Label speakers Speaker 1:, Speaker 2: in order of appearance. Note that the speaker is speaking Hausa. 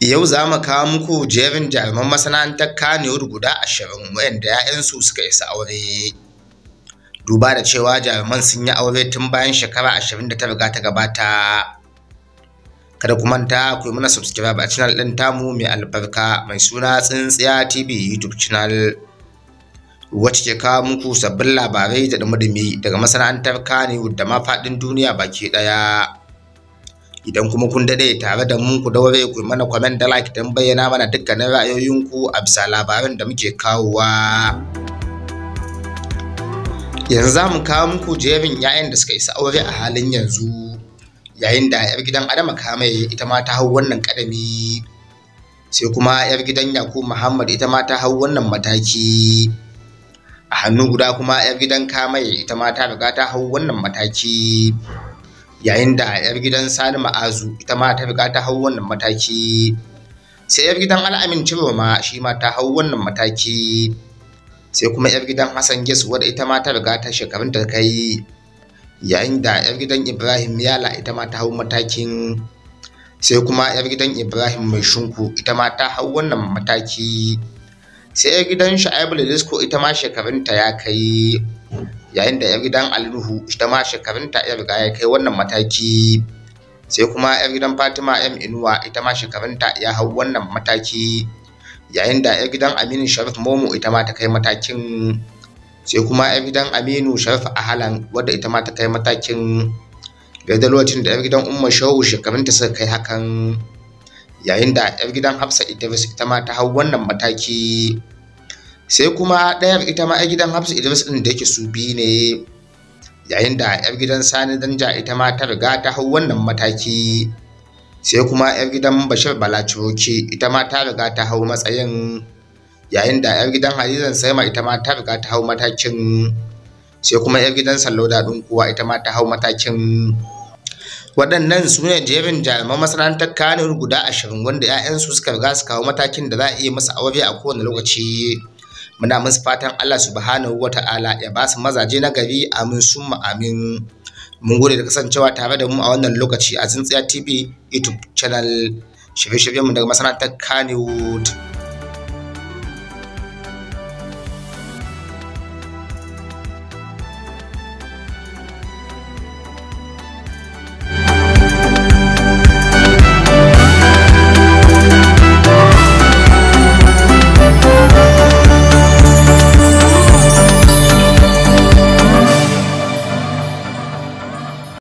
Speaker 1: Yau za mu kawo muku jerin jaruman masana'antar Kannywood guda ashirin wayanda 'ya'yansu suka isa aure. Duba da cewa jaruman sun yi aure tun bayan shekara ashirin da ta riga ta gabata. Kada ku manta ku yi mana subscribe a channel ɗin tamu mai albarka mai suna Tsintsiya TV YouTube channel. wacce ke kawo muku sabbin labarai da dumi daga masana'antar Kannywood da ma faɗin duniya baki ɗaya. idan kuma kun dade tare da mu ku daure ku mana comment da like don bayyana mana dukkanin ra'ayoyinku a bisa labaran da muke kawowa yanzu za mu kawo muku jerin 'ya'yan da suka isa aure a halin yanzu yayin da 'yar gidan adama kame ita ma ta hau wannan kadami sai kuma 'yar gidan yakub muhammad ita ma ta hau wannan mataki a hannu guda kuma 'yar gidan kamaye ita ma ta riga ta hau wannan mataki yayin da 'yar gidan sani ma'azu ita ma ta riga ta hau wannan mataki sai 'yar gidan al'amin ma shi ma ta hau wannan mataki sai kuma 'yar gidan hassan gesu wadda ita ma ta riga ta shekarun ta kai yayin da 'yar gidan ibrahim yala ita ma ta hau matakin sai kuma 'yar gidan ibrahim mai shunku ita ma ta hau wannan mataki sai 'yar gidan sha'abu da ita ma shekarun ta ya kai yayin da yar gidan alinuhu ita ma shekarunta ya riga ya kai wannan mataki sai kuma yar gidan fatima 'yan inuwa ita ma shekarunta ya hau wannan mataki yayin da yar gidan aminu sharif momo ita ma ta kai matakin sai kuma yar gidan aminu sharif ahalan wadda ita ma ta kai matakin da lokacin da yar gidan umma shehu shekarunta suka kai hakan yayin da yar gidan hafsa idris ita ma ta hau wannan mataki sai kuma ɗayar ita ma 'yar gidan hafsa idris ɗin da yake su biyu ne yayin da 'yar gidan sani danja ita ma ta riga ta hau wannan mataki sai kuma 'yar gidan bashir bala balaciroki ita ma ta riga ta hau matsayin yayin da 'yar gidan halizan saima ita ma ta riga ta hau matakin sai kuma 'yar gidan sallo daɗin kuwa ita ma ta hau matakin waɗannan su ne jerin jaruman masana'antar kanewar guda ashirin wanda 'ya'yansu suka riga su kawo matakin da za a iya masa aure a kowane lokaci muna musu fatan Allah subhanahu wa ta'ala ya ba su mazaje na gari amin summa amin mun gode da kasancewa tare da mu a wannan lokaci a tsintsiya tv youtube channel shirye mu daga masana'antar kanewood